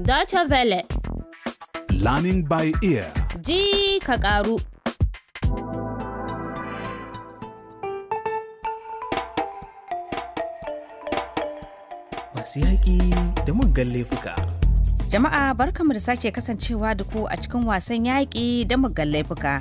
Deutsche Welle. Learning by ear. Ji ka karu. Masu yaƙi da muggan laifuka. Jama'a barkamu da sake kasancewa da ku a cikin wasan yaƙi da muggan laifuka.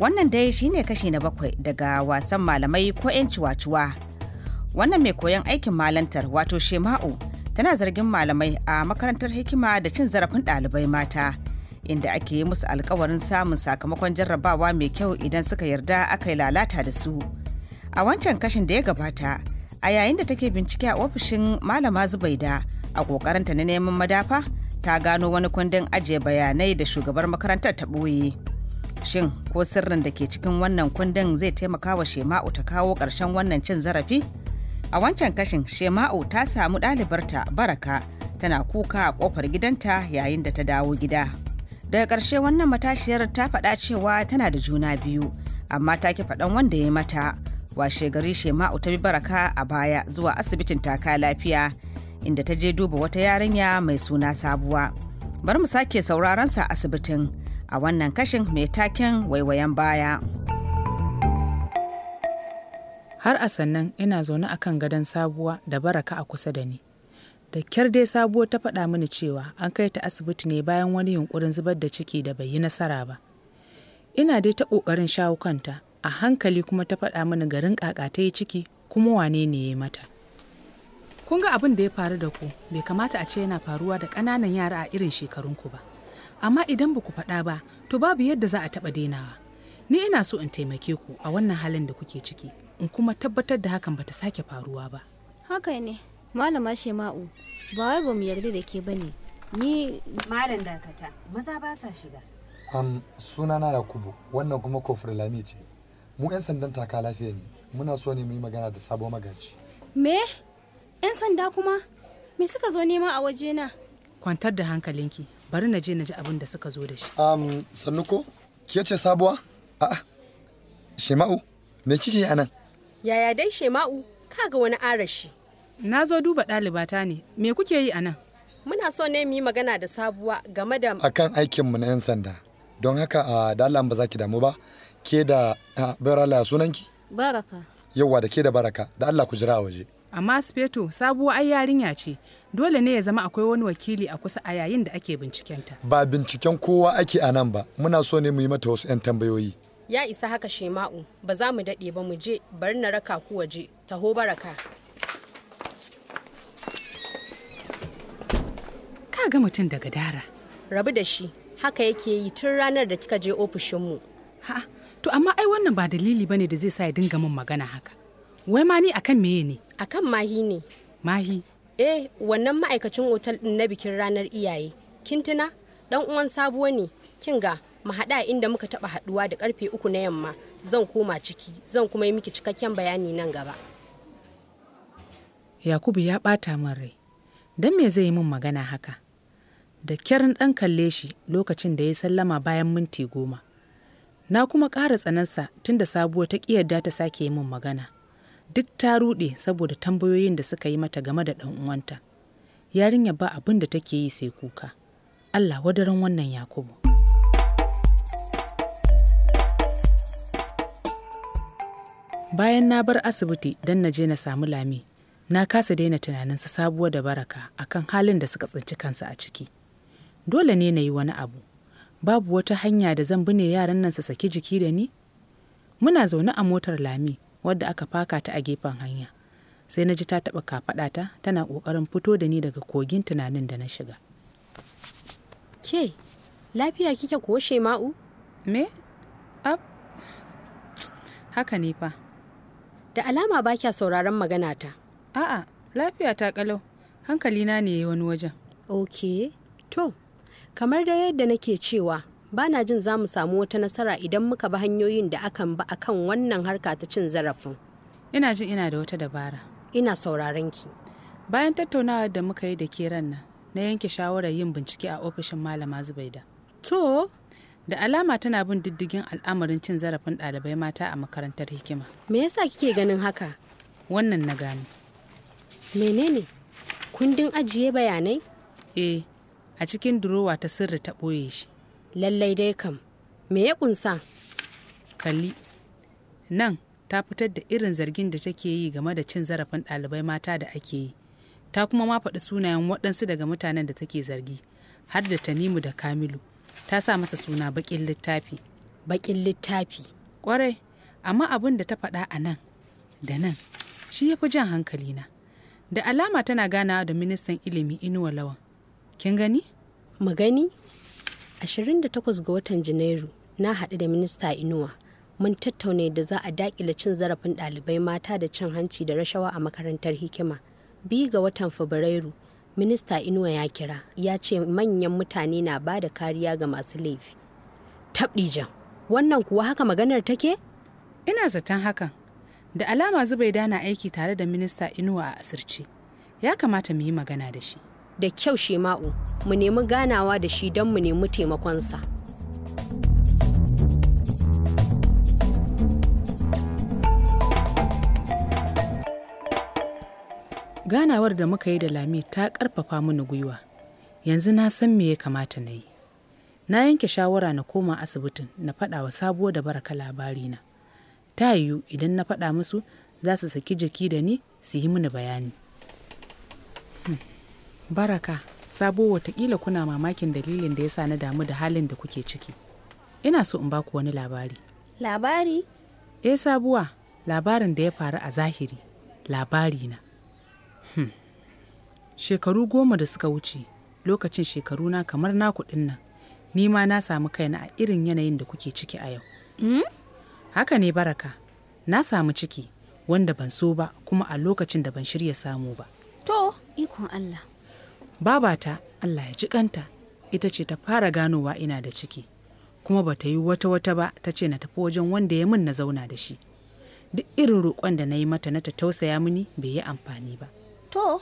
Wannan dai shine kashi na bakwai daga wasan malamai ko 'yan ciwaciwa. Wannan mai koyon aikin malantar wato Shema'u tana zargin malamai a makarantar hikima da cin zarafin ɗalibai mata inda ake yi musu alkawarin samun sakamakon jarrabawa mai kyau idan suka yarda aka yi lalata da su a wancan kashin da ya gabata a yayin da take bincike a ofishin malama zubaida a kokarinta na neman madafa ta gano wani kundin ajiye bayanai da shugabar makarantar ta ɓoye shin ko sirrin da ke cikin wannan kundin zai taimaka wa shema'u ta kawo ƙarshen wannan cin zarafi a wancan kashin shema'u ta samu ɗalibarta baraka tana kuka a kofar gidanta yayin da ta dawo gida daga ƙarshe wannan matashiyar ta faɗa cewa tana da juna biyu amma ta ki faɗan wanda ya mata washe gari shema'u ta bi baraka a baya zuwa asibitin taka lafiya inda ta je duba wata yarinya mai suna sabuwa bari mu sake sauraron sa asibitin a wannan kashin mai taken waiwayen baya. Har a sannan ina zaune a kan gadon Sabuwa da Baraka a kusa da ni. Da kyar dai Sabuwa ta faɗa mini cewa an kai ta asibiti ne bayan wani yunkurin zubar da ciki da bai yi nasara ba. Ina dai ta ƙoƙarin shawo kanta, a hankali kuma ta faɗa mini garin ƙaƙa ta yi ciki kuma wane ne ya mata. Kun ga abin da ya faru da ku bai kamata a ce yana faruwa da ƙananan yara a irin shekarunku ba. Amma idan ba ku faɗa ba, to babu yadda za a taɓa denawa. ni ina so in taimake ku a wannan halin da kuke ciki in kuma tabbatar da hakan bata sake faruwa ba haka ne malama shema'u ba wai bamu yarda da ke bane ni malam dakata maza ba sa shiga um, sunana yakubu wannan kuma kofar lami ce mu 'yan sandan taka lafiya ne muna so ne mu yi magana da sabo magaji me 'yan sanda kuma me suka zo nema a waje na kwantar da hankalinki bari na je na ji abin da suka zo da shi um, sannuko ke ce sabuwa A'a, Shema'u, me kike a nan? Yaya dai Shema'u, ka ga wani arashi. Na zo duba ɗalibata ne, me kuke yi a nan? Muna so ne mu yi magana da sabuwa game da... a kan aikinmu na 'yan sanda, don haka a dalan ba za ki damu ba, ke da Berala sunanki? Baraka. Yauwa da ke da baraka, da Allah ku jira a waje. Amma Speto sabuwa ai yarinya ce, dole ne ya zama akwai wani wakili a kusa a yayin da ake bincikenta. Ba binciken kowa ake a nan ba, muna so ne mu yi mata wasu 'yan tambayoyi. ya isa haka shema'u ba za mu daɗe ba mu je bari na raka ku waje taho baraka ka ga mutum daga dara rabu da shi haka yake yi tun ranar da kika je ofishinmu ha to amma ai wannan ba dalili bane da zai sa ya dinga min magana haka wai ma ni akan meye ne akan mahi ne mahi eh wannan ma'aikacin otal din na bikin ranar iyaye kin tuna dan uwan sabuwa ne kin ga mu haɗa inda muka taɓa haɗuwa da karfe uku na yamma zan koma ciki zan kuma yi miki cikakken bayani nan gaba yakubu ya ɓata min rai dan me zai yi min magana haka da kyarin ɗan kalle shi lokacin da ya sallama bayan minti goma na kuma ƙara tsanansa tun da sabuwa ta ƙiyarda ta sake yi min magana duk ta ruɗe saboda tambayoyin da suka yi mata game da ɗan uwanta yarinya ba abin da take yi sai kuka allah wadaran wannan yakubu bayan na bar asibiti don na je na samu lami na kasa daina tunanin su sabuwa da baraka akan halin da suka tsinci kansu a ciki dole ne na yi wani abu babu wata hanya da zan bune yaran nan su saki jiki da ni muna zaune a motar lami wadda aka faka ta a gefen hanya sai na ji ta taɓa kafaɗata tana ƙoƙarin fito da ni daga kogin tunanin da na shiga ke lafiya kike kuwa shema'u me ab haka ne fa da alama ba kya sauraron magana ta. A'a, lafiya ta kalau, na ne yi wani wajen. Ok, to, kamar da yadda nake cewa, ba na jin za mu samu wata nasara idan muka bi hanyoyin da akan ba kan wannan harka ta cin zarafin. Ina jin ina da wata dabara. Ina sauraron ki. Bayan tattaunawa da muka yi da ke ran nan, na yanke shawarar yin bincike a ofishin Malama Zubaida. To, da alama tana bin diddigin al'amarin cin zarafin ɗalibai mata a makarantar hikima me yasa kike ganin haka wannan na gano menene kundin ajiye bayanai eh a cikin durowa ta sirri ta ɓoye shi lallai dai kam me ya kunsa kalli nan ta fitar da irin zargin da take yi game da cin zarafin ɗalibai mata da ake yi ta kuma ma faɗi sunayen waɗansu daga mutanen da take zargi har da tanimu da kamilu ta sa masa suna bakin littafi bakin littafi kwarai amma abin da ta faɗa a nan da nan shi ya fi jan hankalina da alama tana ganawa da ministan ilimi inuwa lawan kin gani mu magani 28 ga watan janairu na haɗu da minista inuwa mun tattauna da za a daƙile cin zarafin ɗalibai mata da cin hanci da rashawa a makarantar hikima biyu ga watan fabrairu minista inuwa ya kira ya ce manyan mutane na ba da kariya ga masu laifi tabdijan wannan kuwa haka maganar take ina zaton hakan da alama zubaida na aiki tare da minista inuwa a asirce ya kamata mu yi magana da shi da kyau shema'u mu nemi ganawa da shi don mu nemi taimakonsa ganawar da muka yi da lami ta ƙarfafa mini gwiwa yanzu na san me ya kamata na yi na yanke shawara na koma asibitin na faɗa wa sabuwa da baraka labari na, ta yiwu idan na faɗa musu za su saki jiki da ni su yi mini bayani hmm. baraka sabo watakila kuna mamakin dalilin da ya sa na damu da halin da kuke ciki ina so in baku wani labari labari eh sabuwa labarin da ya faru a zahiri labari na Hmm. shekaru goma da suka wuce lokacin shekaru na kamar naku nan ni ma na samu kaina a irin yanayin da kuke ciki a yau hmm? haka ne baraka na samu ciki wanda ban so ba kuma a lokacin da ban shirya samu ba to ikon allah babata allah ya ji kanta ita ce ta fara ganowa ina da ciki kuma ba ta yi wata wata ba ta ce na tafi wajen wanda ya min na zauna da shi duk irin roƙon da na yi mata na ta tausaya mini bai yi amfani ba To,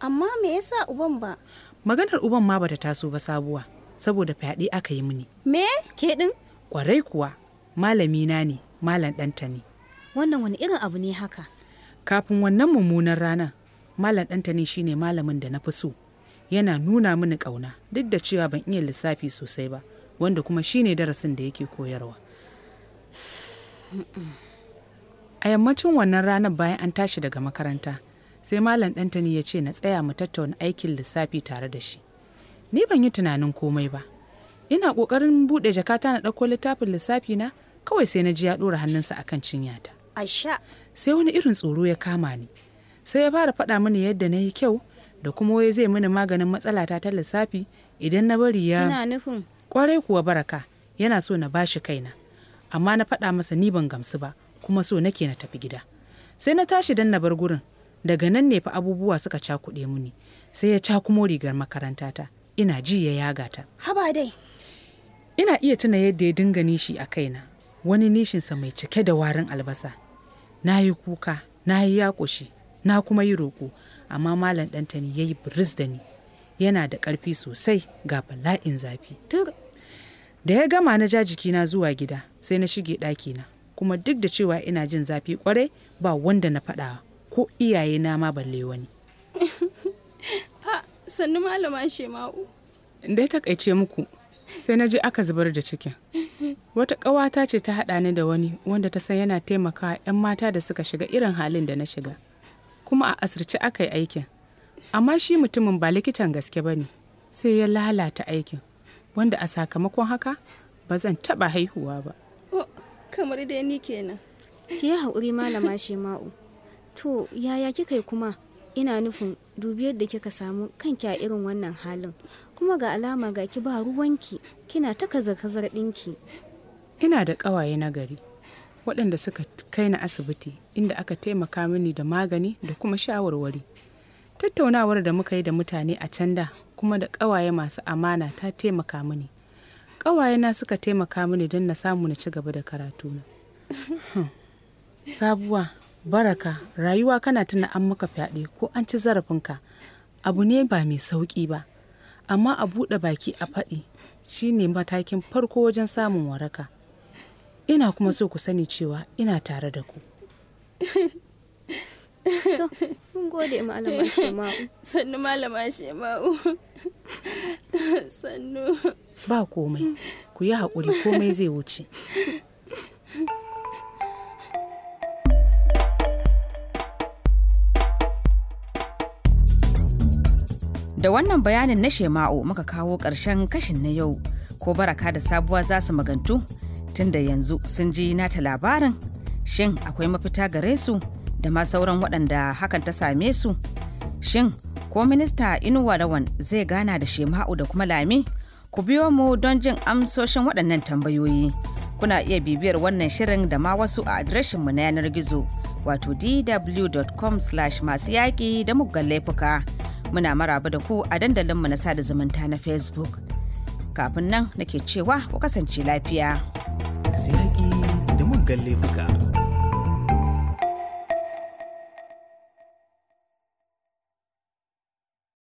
amma me yasa uban ba? Maganar uban ma bata taso ba sabuwa, saboda fyaɗe aka yi mini. Me? Ke ɗin? Kwarai kuwa, malami na ne, malam ɗanta ne. Wannan wani irin abu ne haka? Kafin wannan mummunan ranar, malam ɗanta ne shine malamin da na fi so. Yana nuna mini ƙauna, duk da cewa ban iya lissafi sosai ba, wanda kuma shine darasin da yake koyarwa. A yammacin wannan ranar bayan an tashi daga makaranta, sai malam ɗantani ya ce na tsaya mu tattauna aikin lissafi tare da shi ni ban yi tunanin komai ba ina ƙoƙarin buɗe jakata na ɗauko littafin lissafi na kawai sai na ji ya ɗora hannunsa akan cinyata asha sai wani irin tsoro ya kama ni sai ya fara faɗa mini yadda na yi kyau da kuma wai zai mini maganin matsalata ta lissafi idan na bari ya kina nufin kwarai kuwa baraka yana so na bashi kaina amma na faɗa masa ni ban gamsu ba kuma so nake na tafi gida sai na tashi dan na bar gurin daga nan ne fa abubuwa suka cakuɗe muni sai ya cakumo rigar ta ina ji ya yaga ta haba dai ina iya tuna yadda ya dinga nishi a kaina wani nishinsa mai cike da warin albasa na yi kuka na yi yakushi na kuma yi roƙo amma malam ɗanta ne ya yi biris da ni yana da ƙarfi sosai ga bala'in zafi da ya gama na ja jikina zuwa gida sai na shige ɗakina kuma duk da cewa ina jin zafi kwarai ba wanda na faɗawa ko iyaye na ma balle wani sannu malama shema'u da takaice muku sai na ji aka zubar da cikin wata ƙawata ce ta haɗa ni da wani wanda ta san yana taimaka 'yan mata da suka shiga irin halin da na shiga kuma a asirce aka yi aikin amma shi mutumin ba likitan gaske ba ne sai ya lalata aikin wanda a sakamakon haka ba zan taɓa haihuwa ba oh, kamar dai ni kenan ki yi haƙuri malama shema'u to yaya kika yi kuma ina nufin dubi yadda kika samu kanki a irin wannan halin kuma ga alama ga ki ba ruwanki kina ta kazar-kazar ɗinki ina da ƙawaye na gari waɗanda suka kai na asibiti inda aka taimaka mini da magani da kuma shawarwari tattaunawar da muka yi da mutane a can da kuma da ƙawaye masu amana ta taimaka mini na suka taimaka mini don na samu na ci gaba da karatuna hmm. sabuwa baraka rayuwa kana tuna an maka fyaɗe ko an ci zarafinka abu ne ba mai sauƙi ba amma a buɗe baki a faɗi shi ne matakin farko wajen samun waraka ina kuma so ku sani cewa ina tare da ku ba komai ku yi haƙuri komai zai wuce Da wannan bayanin na Shema'u muka kawo ƙarshen kashin na yau, ko baraka da sabuwa za su magantu tunda yanzu sun ji nata labarin shin akwai mafita gare su da ma sauran waɗanda hakan ta same su. Shin ko minista Inuwa Lawan zai gana da Shema'u da kuma Lami? Ku biyo mu don jin amsoshin waɗannan tambayoyi. Kuna iya bibiyar wannan shirin da ma wasu a adireshinmu na yanar gizo wato dw.com slash masu yaƙi da muggan laifuka. muna maraba da ku a dandalinmu na sada zumunta na facebook kafin nan nake cewa ku kasance lafiya. Sai da muggan laifuka.